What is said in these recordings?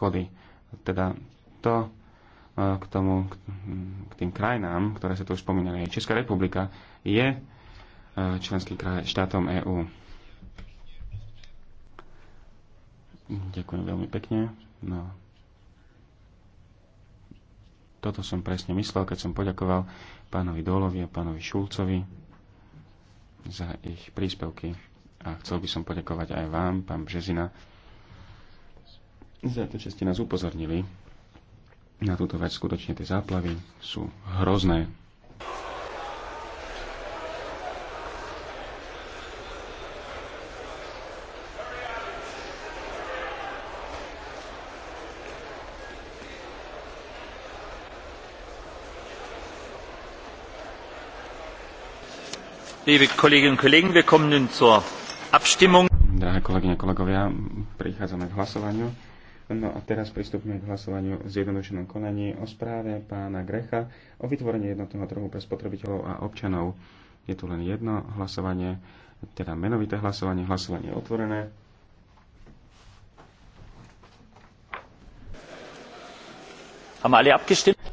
škody. Teda to e, k tomu, k tým krajinám, ktoré sa tu už spomínali. Česká republika je e, členským štátom EÚ. Ďakujem veľmi pekne. No. Toto som presne myslel, keď som poďakoval pánovi Dolovi a pánovi Šulcovi za ich príspevky. A chcel by som poďakovať aj vám, pán Březina, za to, že ste nás upozornili na túto vec. Skutočne tie záplavy sú hrozné. Liebe Kolleginnen und Kollegen, wir kommen nun zur Abstimmung. Drahé kolegyne, kolegovia, prichádzame k hlasovaniu. No a teraz pristúpime k hlasovaniu v zjednodušenom konaní o správe pána Grecha o vytvorení jednotného trhu pre spotrebiteľov a občanov. Je tu len jedno hlasovanie, teda menovité hlasovanie, hlasovanie otvorené.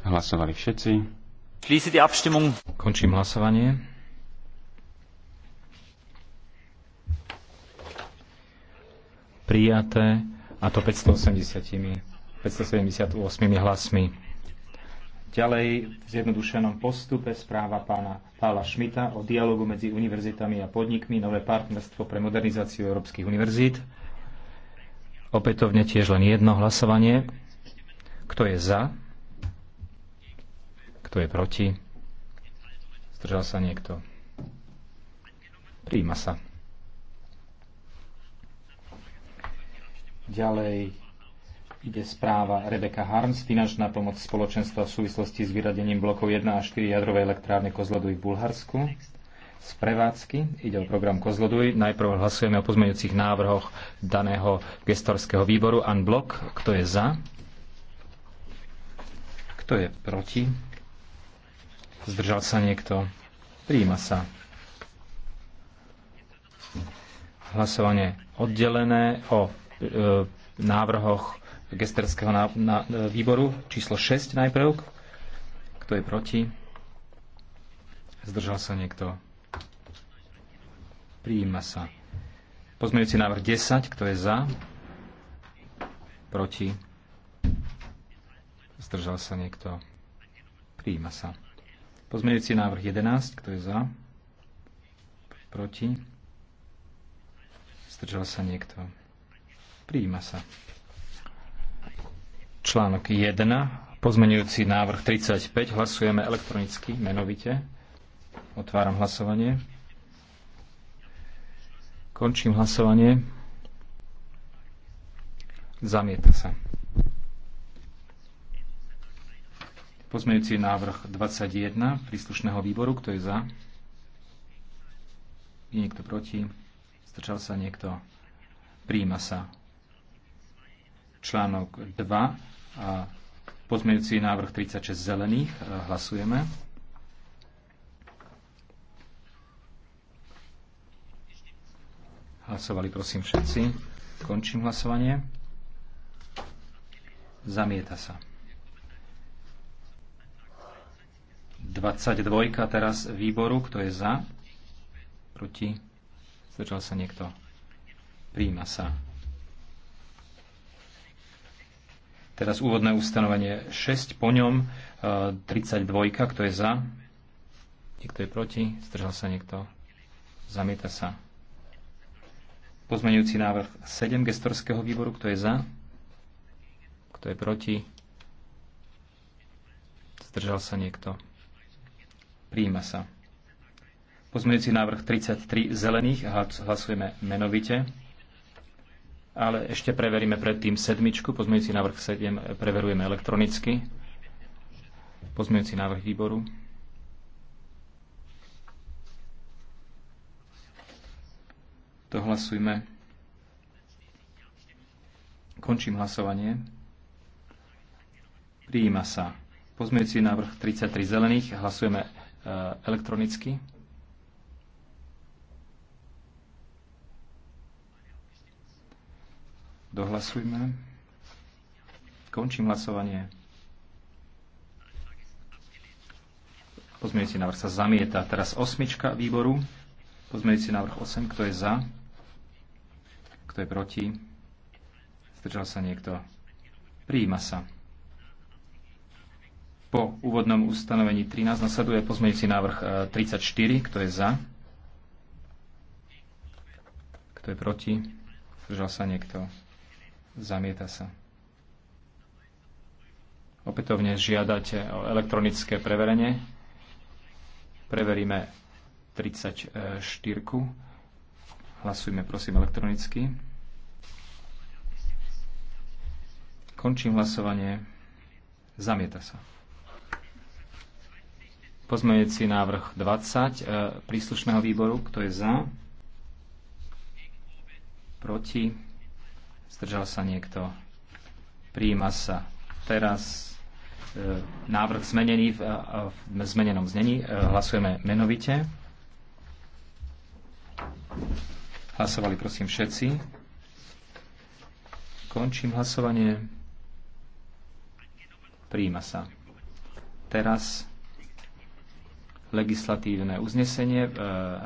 Hlasovali všetci. Končím hlasovanie. Prijaté a to 580, 578 hlasmi. Ďalej v zjednodušenom postupe správa pána Pála Šmita o dialogu medzi univerzitami a podnikmi Nové partnerstvo pre modernizáciu európskych univerzít. Opätovne tiež len jedno hlasovanie. Kto je za? Kto je proti? Zdržal sa niekto? Príjima sa. Ďalej ide správa Rebeka Harms, finančná pomoc spoločenstva v súvislosti s vyradením blokov 1 a 4 jadrovej elektrárne Kozloduj v Bulharsku. Z prevádzky ide o program Kozloduj. Najprv hlasujeme o pozmeňujúcich návrhoch daného gestorského výboru Unblock. Kto je za? Kto je proti? Zdržal sa niekto? Príjima sa. Hlasovanie oddelené o E, návrhoch gesterského na, na, výboru. Číslo 6 najprv. Kto je proti? Zdržal sa niekto? Prijíma sa. Pozmeňujúci návrh 10. Kto je za? Proti? Zdržal sa niekto? Prijíma sa. Pozmeňujúci návrh 11. Kto je za? Proti? Zdržal sa niekto? Prijíma sa. Článok 1, pozmenujúci návrh 35, hlasujeme elektronicky, menovite. Otváram hlasovanie. Končím hlasovanie. Zamieta sa. Pozmejúci návrh 21 príslušného výboru. Kto je za? Je niekto proti? Zdržal sa niekto? Príjima sa článok 2 a pozmeňujúci návrh 36 zelených. E, hlasujeme. Hlasovali prosím všetci. Končím hlasovanie. Zamieta sa. 22 teraz výboru, kto je za, proti, zdržal sa niekto, príjma sa. Teraz úvodné ustanovenie 6, po ňom 32, e, kto je za, niekto je proti, zdržal sa niekto, zamieta sa. Pozmenujúci návrh 7 gestorského výboru, kto je za, kto je proti, zdržal sa niekto, príjima sa. Pozmenujúci návrh 33 zelených, hlasujeme menovite ale ešte preveríme predtým sedmičku. Pozmeňujúci návrh 7 preverujeme elektronicky. Pozmeňujúci návrh výboru. Dohlasujme. Končím hlasovanie. Prijíma sa. Pozmeňujúci návrh 33 zelených. Hlasujeme e, elektronicky. Dohlasujme. Končím hlasovanie. Pozmeňujúci návrh sa zamieta. Teraz osmička výboru. Pozmeňujúci návrh 8. Kto je za? Kto je proti? Zdržal sa niekto? Prijíma sa. Po úvodnom ustanovení 13 nasleduje pozmeňujúci návrh 34. E, Kto je za? Kto je proti? Zdržal sa niekto? Zamieta sa. Opätovne žiadate o elektronické preverenie. Preveríme 34. Hlasujme prosím elektronicky. Končím hlasovanie. Zamieta sa. Pozmejeci návrh 20 e, príslušného výboru. Kto je za? Proti? Zdržal sa niekto? Príjima sa. Teraz e, návrh zmenený v, v zmenenom znení. E, hlasujeme menovite. Hlasovali prosím všetci. Končím hlasovanie. Príjima sa. Teraz legislatívne uznesenie. E,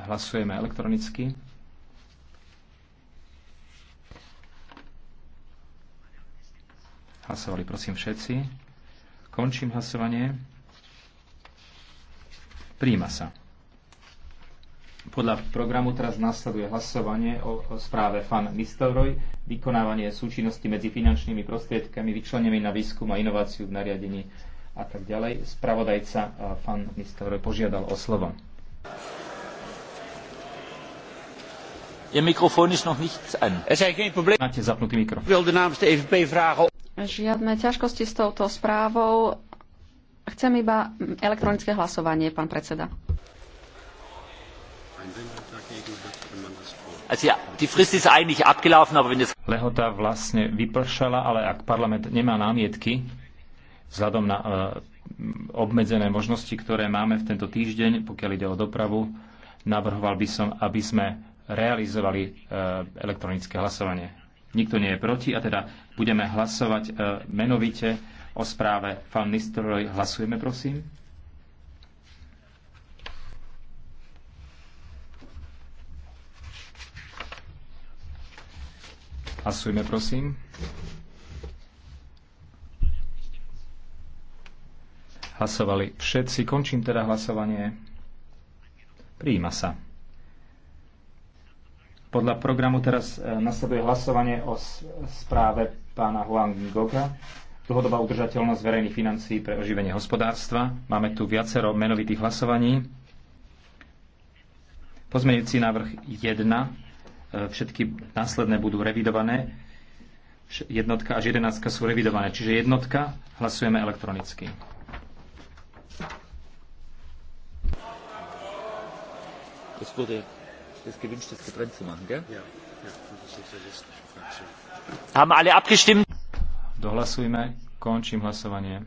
hlasujeme elektronicky. Hlasovali prosím všetci. Končím hlasovanie. Príjma sa. Podľa programu teraz nasleduje hlasovanie o, správe FAN Mistelroj, vykonávanie súčinnosti medzi finančnými prostriedkami vyčlenenými na výskum a inováciu v nariadení a tak ďalej. Spravodajca e, FAN Mistelroj požiadal o slovo. Ihr Mikrofon ist noch nicht an. Er Máte zapnutý mikrofón. Žiadne ťažkosti s touto správou. Chcem iba elektronické hlasovanie, pán predseda. Lehota vlastne vypršala, ale ak parlament nemá námietky, vzhľadom na eh, obmedzené možnosti, ktoré máme v tento týždeň, pokiaľ ide o dopravu, navrhoval by som, aby sme realizovali eh, elektronické hlasovanie. Nikto nie je proti a teda budeme hlasovať e, menovite o správe Fan Nistroj, Hlasujeme, prosím. Hlasujme, prosím. Hlasovali všetci. Končím teda hlasovanie. Prijíma sa. Podľa programu teraz e, nasleduje hlasovanie o správe pána Huang Goga. Dlhodobá udržateľnosť verejných financií pre oživenie hospodárstva. Máme tu viacero menovitých hlasovaní. Pozmeňujúci návrh 1. E, všetky následné budú revidované. Jednotka až jedenáctka sú revidované. Čiže jednotka hlasujeme elektronicky. Gospodin getrennt zu machen, gell? Ja. ja Haben alle abgestimmt? Dohlasujme. Končím hlasovanie.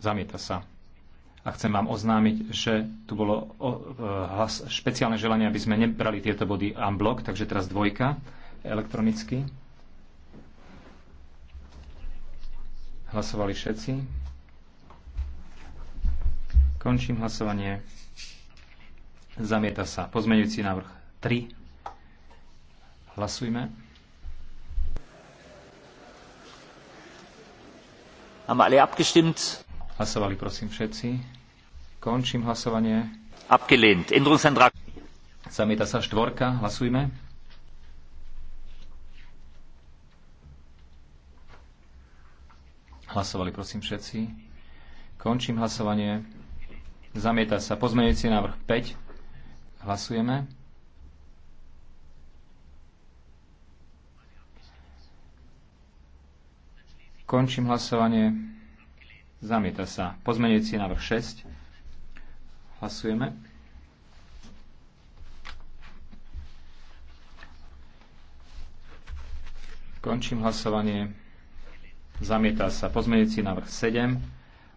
Zamieta sa. A chcem vám oznámiť, že tu bolo o, e, hlas, špeciálne želanie, aby sme nebrali tieto body unblock, takže teraz dvojka elektronicky. Hlasovali všetci. Končím hlasovanie. Zamieta sa. Pozmeňujúci návrh 3. Hlasujme. Haben alle abgestimmt? Hlasovali prosím všetci. Končím hlasovanie. Abgelehnt. Änderungsantrag. Zamieta sa štvorka. Hlasujme. Hlasovali prosím všetci. Končím hlasovanie. Zamieta sa pozmeňujúci návrh 5. Hlasujeme. Končím hlasovanie. Zamieta sa. pozmenujúci návrh 6. Hlasujeme. Končím hlasovanie. Zamieta sa. Pozmeniaci návrh 7.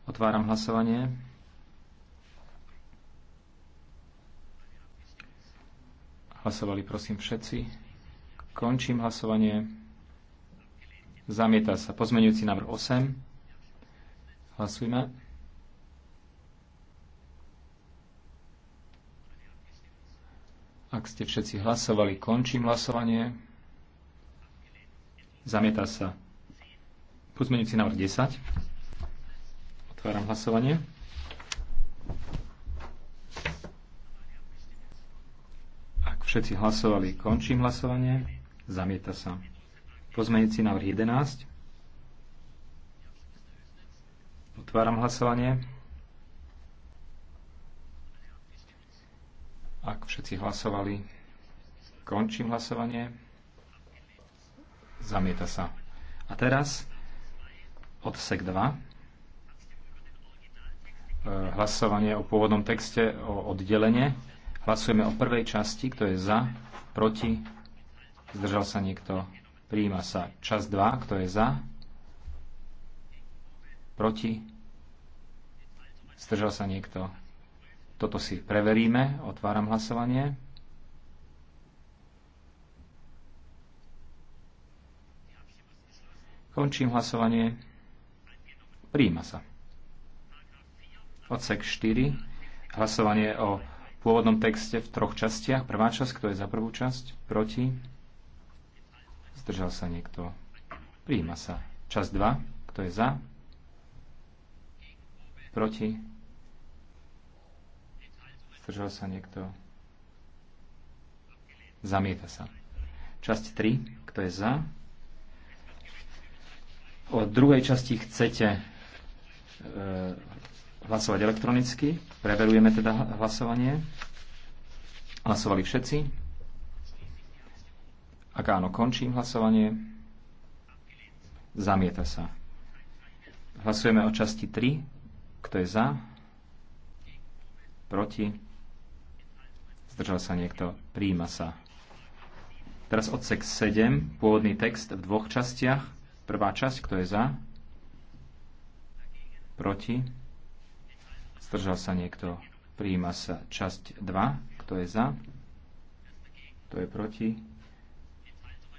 Otváram hlasovanie. Hlasovali prosím všetci. Končím hlasovanie. Zamieta sa pozmeňujúci návrh 8. Hlasujme. Ak ste všetci hlasovali, končím hlasovanie. Zamieta sa. Pozmeňujúci návrh 10. Otváram hlasovanie. Všetci hlasovali. Končím hlasovanie. Zamieta sa. Pozmeňujúci návrh 11. Otváram hlasovanie. Ak všetci hlasovali, končím hlasovanie. Zamieta sa. A teraz odsek 2. E, hlasovanie o pôvodnom texte o oddelenie. Hlasujeme o prvej časti, kto je za, proti, zdržal sa niekto, prijíma sa. Čas 2, kto je za, proti, zdržal sa niekto. Toto si preveríme, otváram hlasovanie. Končím hlasovanie. Príjima sa. Odsek 4. Hlasovanie o v pôvodnom texte v troch častiach. Prvá časť, kto je za prvú časť, proti, zdržal sa niekto, Príjima sa. Časť 2, kto je za, proti, zdržal sa niekto, zamieta sa. Časť 3, kto je za, o druhej časti chcete e, hlasovať elektronicky. Preverujeme teda hlasovanie. Hlasovali všetci. Ak áno, končím hlasovanie. Zamieta sa. Hlasujeme o časti 3. Kto je za? Proti? Zdržal sa niekto? Príjima sa. Teraz odsek 7, pôvodný text v dvoch častiach. Prvá časť, kto je za? Proti? Zdržal sa niekto? Prijíma sa časť 2. Kto je za? Kto je proti?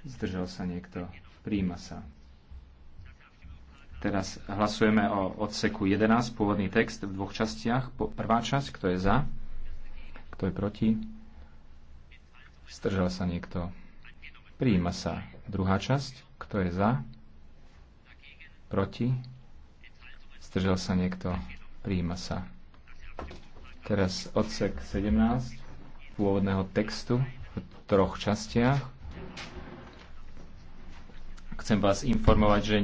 Zdržal sa niekto? Prijíma sa. Teraz hlasujeme o odseku 11, pôvodný text v dvoch častiach. Prvá časť, kto je za? Kto je proti? Zdržal sa niekto? Prijíma sa. Druhá časť, kto je za? Proti? Zdržal sa niekto? Príjima sa. Teraz odsek 17 pôvodného textu v troch častiach. Chcem vás informovať, že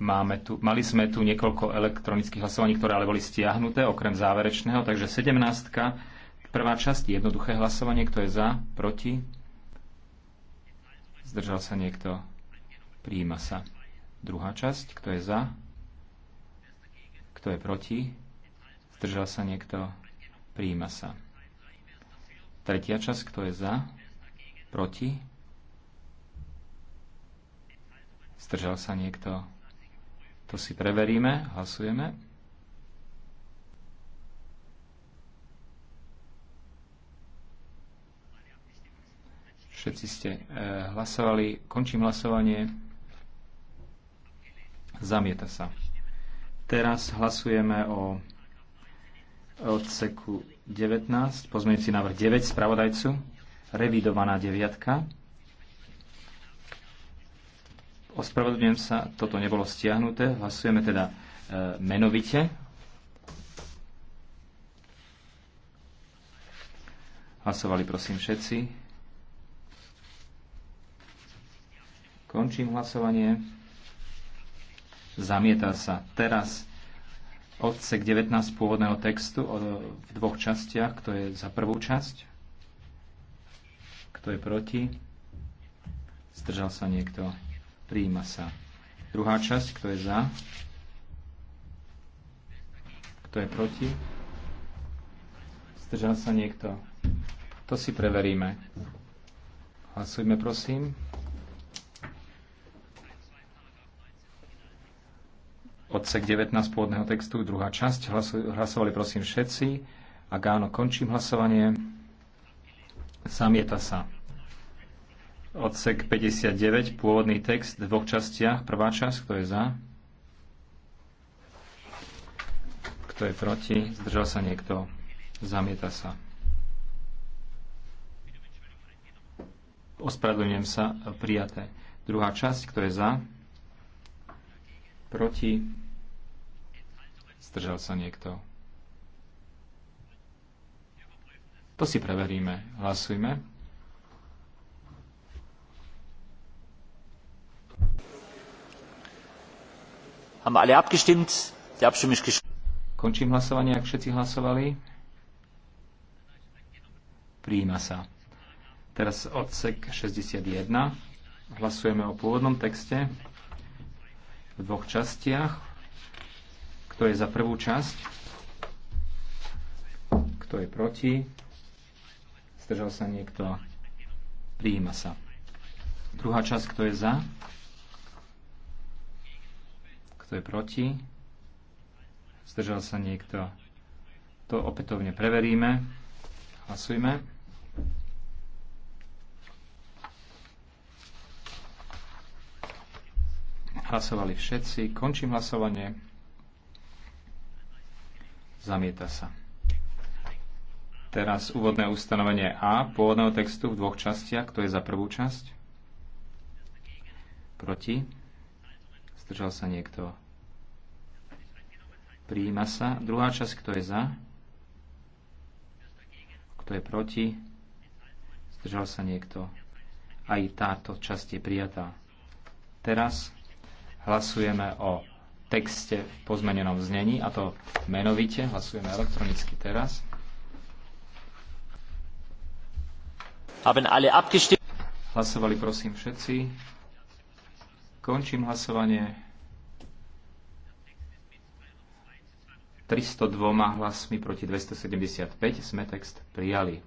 máme tu, mali sme tu niekoľko elektronických hlasovaní, ktoré ale boli stiahnuté, okrem záverečného. Takže 17. Prvá časť, jednoduché hlasovanie, kto je za, proti. Zdržal sa niekto, príjima sa. Druhá časť, kto je za, kto je proti? Zdržal sa niekto? Príjima sa. Tretia časť, kto je za? Proti? Zdržal sa niekto? To si preveríme, hlasujeme. Všetci ste e, hlasovali. Končím hlasovanie. Zamieta sa. Teraz hlasujeme o odseku 19, pozmeňujúci návrh 9 spravodajcu, revidovaná deviatka. Ospravedlňujem sa, toto nebolo stiahnuté. Hlasujeme teda e, menovite. Hlasovali prosím všetci. Končím hlasovanie zamieta sa. Teraz odsek 19 pôvodného textu v dvoch častiach, kto je za prvú časť, kto je proti, zdržal sa niekto, prijíma sa. Druhá časť, kto je za, kto je proti, zdržal sa niekto. To si preveríme. Hlasujme, prosím. odsek 19 pôvodného textu, druhá časť. Hlasovali prosím všetci. Ak áno, končím hlasovanie. Zamieta sa. Odsek 59, pôvodný text v dvoch častiach. Prvá časť, kto je za? Kto je proti? Zdržal sa niekto? Zamieta sa. Ospravedlňujem sa, prijaté. Druhá časť, kto je za? Proti? Zdržal sa niekto? To si preveríme. Hlasujme. Haben alle abgestimmt? Die Abstimmung ist Končím hlasovanie, ak všetci hlasovali. Príjima sa. Teraz odsek 61. Hlasujeme o pôvodnom texte v dvoch častiach. Kto je za prvú časť? Kto je proti? Zdržal sa niekto? Prijíma sa. Druhá časť, kto je za? Kto je proti? Zdržal sa niekto? To opätovne preveríme. Hlasujme. Hlasovali všetci. Končím hlasovanie. Zamieta sa. Teraz úvodné ustanovenie A pôvodného textu v dvoch častiach. Kto je za prvú časť? Proti? Zdržal sa niekto? Príjima sa. Druhá časť, kto je za? Kto je proti? Zdržal sa niekto? Aj táto časť je prijatá. Teraz hlasujeme o texte v pozmenenom znení, a to menovite. Hlasujeme elektronicky teraz. Hlasovali prosím všetci. Končím hlasovanie. 302 hlasmi proti 275 sme text prijali.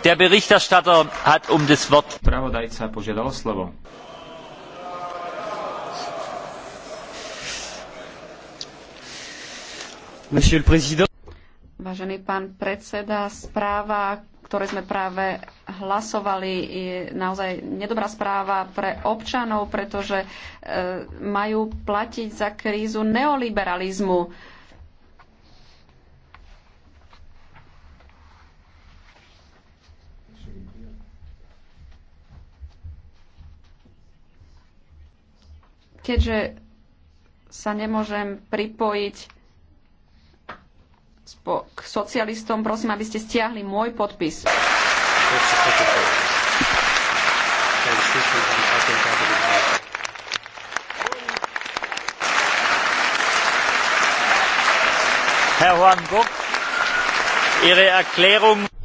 Der Berichterstatter hat um das Wort. Pravodajca požiadal slovo. Vážený pán predseda, správa, ktoré sme práve hlasovali, je naozaj nedobrá správa pre občanov, pretože e, majú platiť za krízu neoliberalizmu. Keďže sa nemôžem pripojiť k socialistom. Prosím, aby ste stiahli môj podpis.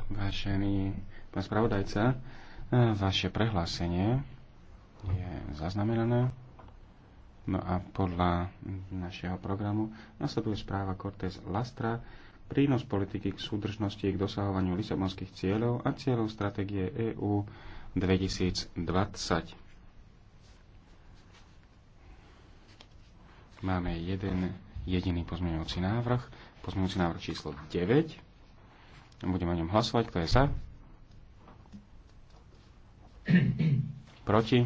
Vážený pán spravodajca, vaše prehlásenie je zaznamenané. No a podľa našeho programu nasleduje správa Cortés Lastra, prínos politiky k súdržnosti k dosahovaniu lisabonských cieľov a cieľov stratégie EÚ 2020. Máme jeden jediný pozmeňujúci návrh, pozmeňujúci návrh číslo 9. Budeme o ňom hlasovať. Kto je za? Proti?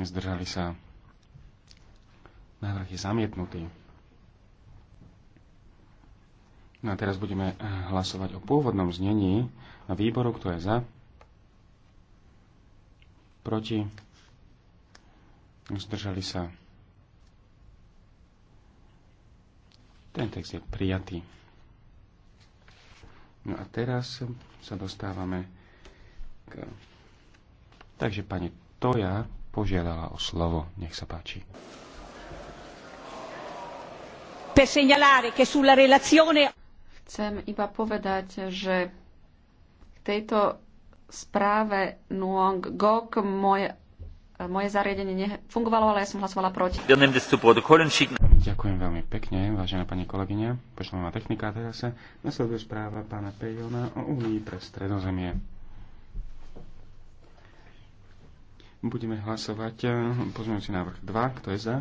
Zdržali sa. Návrh je zamietnutý. No a teraz budeme eh, hlasovať o pôvodnom znení výboru, kto je za, proti, zdržali sa. Ten text je prijatý. No a teraz sa dostávame k... Takže pani Toja požiadala o slovo. Nech sa páči per segnalare che sulla relazione Chcem iba povedať, že k tejto správe Nuong Gok moje, moje zariadenie nefungovalo, ale ja som hlasovala proti. Ďakujem veľmi pekne, vážená pani kolegyňa. na technika teraz nasleduje správa pána Pejona o Únii pre stredozemie. Budeme hlasovať eh, pozmeňujúci návrh 2. Kto je za?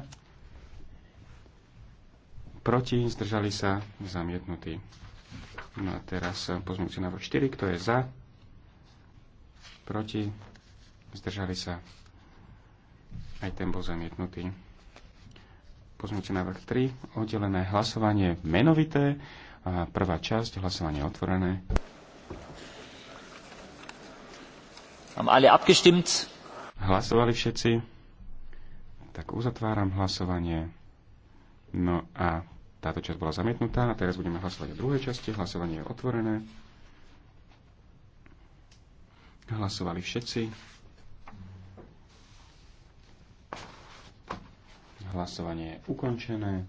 Proti? Zdržali sa? Zamietnutí. No a teraz pozmúci návrh 4, kto je za, proti, zdržali sa. Aj ten bol zamietnutý. Pozmúci návrh 3, oddelené hlasovanie menovité. A prvá časť, hlasovanie otvorené. Haben alle abgestimmt? Hlasovali všetci. Tak uzatváram hlasovanie. No a táto časť bola zamietnutá a teraz budeme hlasovať o druhej časti. Hlasovanie je otvorené. Hlasovali všetci. Hlasovanie je ukončené.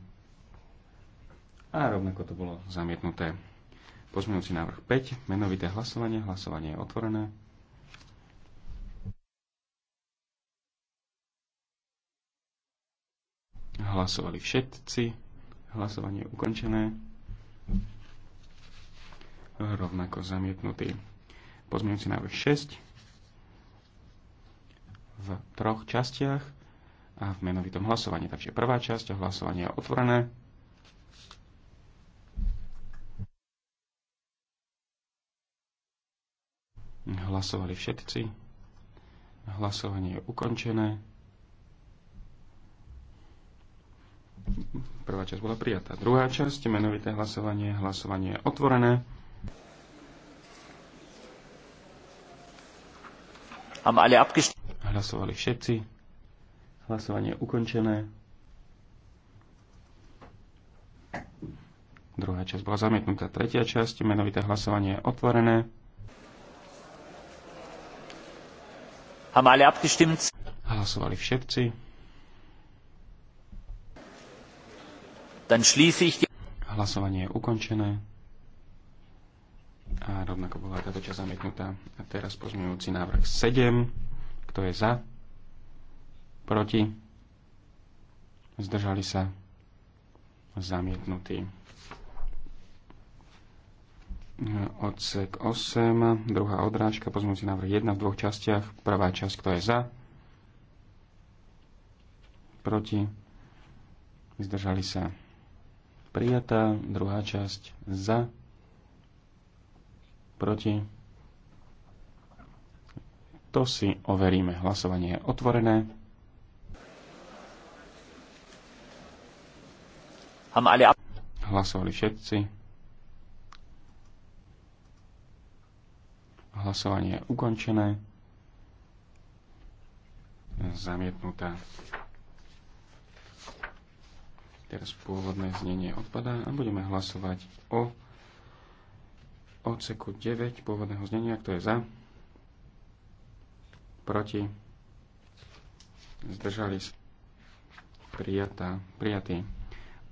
A rovnako to bolo zamietnuté. Pozmenujúci návrh 5, menovité hlasovanie. Hlasovanie je otvorené. hlasovali všetci. Hlasovanie je ukončené. Rovnako zamietnutý. Pozmienujúci návrh 6 v troch častiach a v menovitom hlasovaní. Takže prvá časť, hlasovanie je otvorené. Hlasovali všetci. Hlasovanie je ukončené. Prvá časť bola prijatá. Druhá časť, menovité hlasovanie, hlasovanie je otvorené. Hlasovali všetci. Hlasovanie ukončené. Druhá časť bola zamietnutá. Tretia časť, menovité hlasovanie je otvorené. Hlasovali všetci. Dann schließe ich die... Hlasovanie je ukončené. A rovnako bola táto časť zamietnutá. A teraz pozmeňujúci návrh 7. Kto je za? Proti? Zdržali sa? Zamietnutý. Odsek 8, druhá odrážka, pozmeňujúci návrh 1 v dvoch častiach. Prvá časť, kto je za? Proti? Zdržali sa? prijatá, druhá časť za, proti. To si overíme. Hlasovanie je otvorené. Hlasovali všetci. Hlasovanie je ukončené. Zamietnutá. Teraz pôvodné znenie odpadá a budeme hlasovať o odseku 9 pôvodného znenia, kto je za, proti, zdržali sa, prijatá, prijatý.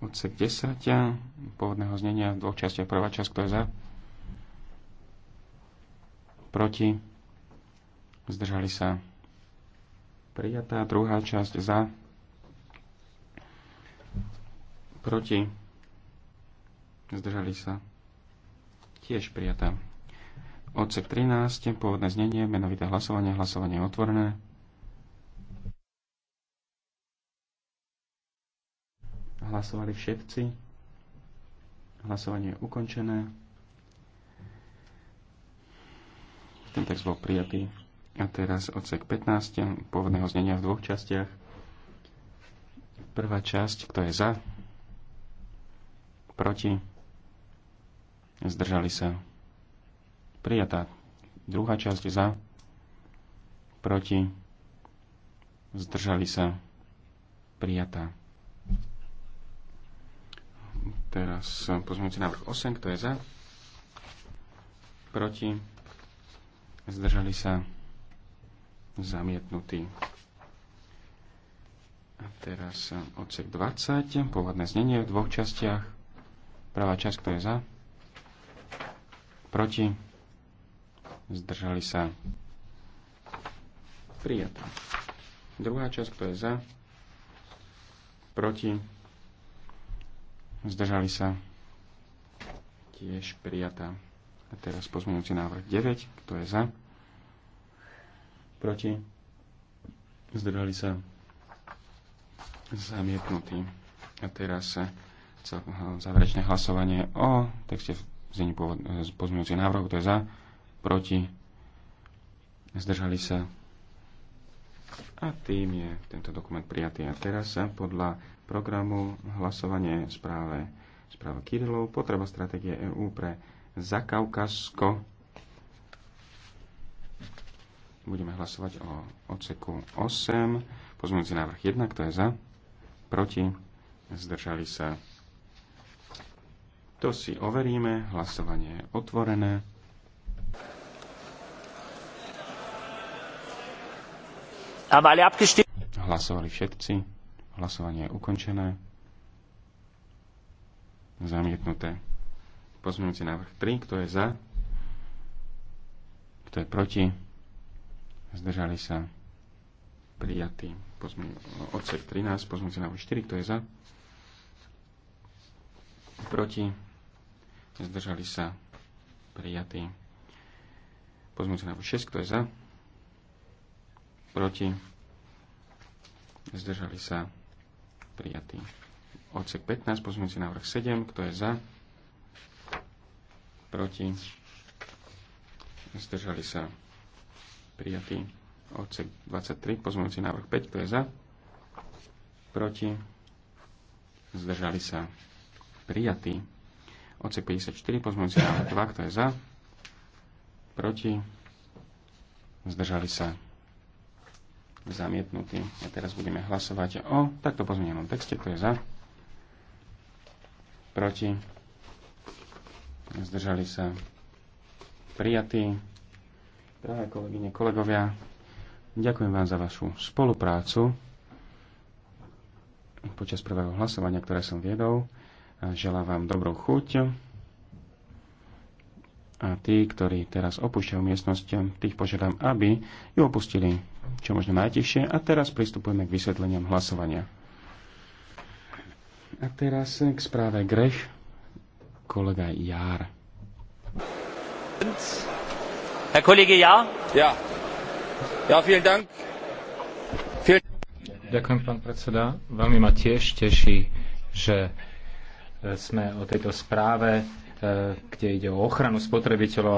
Odsek 10 pôvodného znenia v dvoch častiach. Prvá časť, kto je za, proti, zdržali sa, prijatá. Druhá časť za, Proti. Zdržali sa. Tiež prijatá. Odsek 13. Pôvodné znenie. Menovité hlasovanie. Hlasovanie je otvorené. Hlasovali všetci. Hlasovanie je ukončené. Ten text bol prijatý. A teraz odsek 15. Pôvodného znenia v dvoch častiach. Prvá časť, kto je za, proti, zdržali sa. Prijatá druhá časť za, proti, zdržali sa. Prijatá. Teraz pozmeňujúci návrh 8, kto je za? Proti? Zdržali sa? Zamietnutý. A teraz odsek 20, pôvodné znenie v dvoch častiach. Prvá časť, kto je za? Proti? Zdržali sa? Prijatá. Druhá časť, kto je za? Proti? Zdržali sa? Tiež prijatá. A teraz pozmeňujúci návrh 9, kto je za? Proti? Zdržali sa? Zamietnutý. A teraz sa záverečné hlasovanie o texte v e, pozmeňujúcich návrhov. Kto je za? Proti? Zdržali sa? A tým je tento dokument prijatý. A teraz sa podľa programu hlasovanie správe, správe Kirilov potreba stratégie EÚ pre Zakaukasko. Budeme hlasovať o odseku 8. Pozmeňujúci návrh 1. Kto je za? Proti? Zdržali sa? To si overíme. Hlasovanie je otvorené. Hlasovali všetci. Hlasovanie je ukončené. Zamietnuté. Pozmeňujúci návrh 3. Kto je za? Kto je proti? Zdržali sa. Prijatý. odsek 13. Pozmeňujúci návrh 4. Kto je za? Proti? zdržali sa, prijatí, Pozmúť sa na 6, kto je za, proti, zdržali sa, prijatí. Odsek 15, pozmúť návrh 7, kto je za, proti, zdržali sa, prijatí, Odsek 23, sa návrh 5, kto je za, proti, zdržali sa, prijatí. Oc 54, pozmeňujúci návrh 2, kto je za? Proti? Zdržali sa? Zamietnutý. A teraz budeme hlasovať o takto pozmenenom texte, kto je za? Proti? Zdržali sa? Prijatý. Drahé kolegyne, kolegovia, ďakujem vám za vašu spoluprácu počas prvého hlasovania, ktoré som viedol. Želám vám dobrú chuť. A tí, ktorí teraz opúšťajú miestnosť, tých požiadam, aby ju opustili čo možno najtichšie. A teraz pristupujeme k vysvetleniam hlasovania. A teraz k správe Grech, kolega Jár. Herr Kollege Jár? Ja. Ja, vielen Dank. Vielen... Ďakujem, pán predseda. Veľmi ma tiež teší, že sme o tejto správe, e, kde ide o ochranu spotrebiteľov